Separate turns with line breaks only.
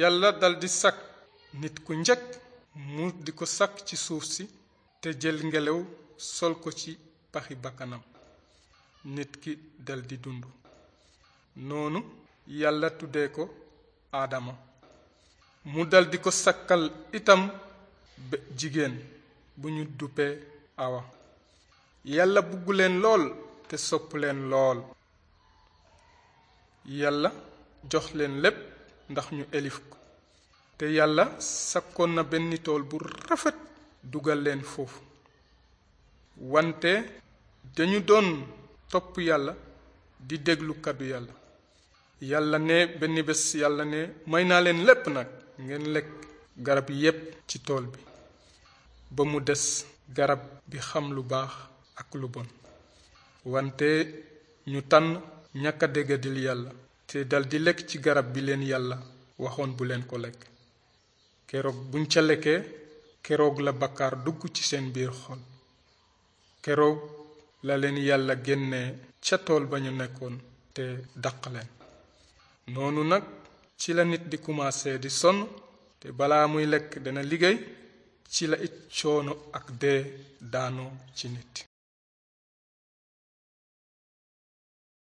yàlla daldi sakk nit ku njëkk mu di ko sakk ci suuf si te jël ngelaw sol ko ci paxi bakkanam nit ki daldi dund noonu yàlla tuddee ko aadama mu daldi ko sakkal itam jigéen bu ñu duppee awa yàlla bugg leen lool te sopp leen lool yàlla jox leen lépp ndax ñu elif ko te yàlla sakkoon na benn tool bu rafet dugal leen foofu wante dañu doon topp yàlla di déglu kàddu yàlla yàlla ne benn bés yàlla ne may naa leen lépp nag ngeen lekk garab yépp ci tool bi ba mu des garab bi xam lu baax ak lu bon wante ñu tànn ñàkk a déggadil yàlla te dal di lekk ci garab bi leen yàlla waxoon bu leen ko lekk keroog buñ ca lekkee keroog la bakkaar dugg ci seen biir xol keroog la leen yàlla génnee ca tool ba ñu nekkoon te dàq leen noonu nag ci la nit di commencé di sonn te balaa muy lekk dana liggéey ci la it coono ak dee daanoo ci nit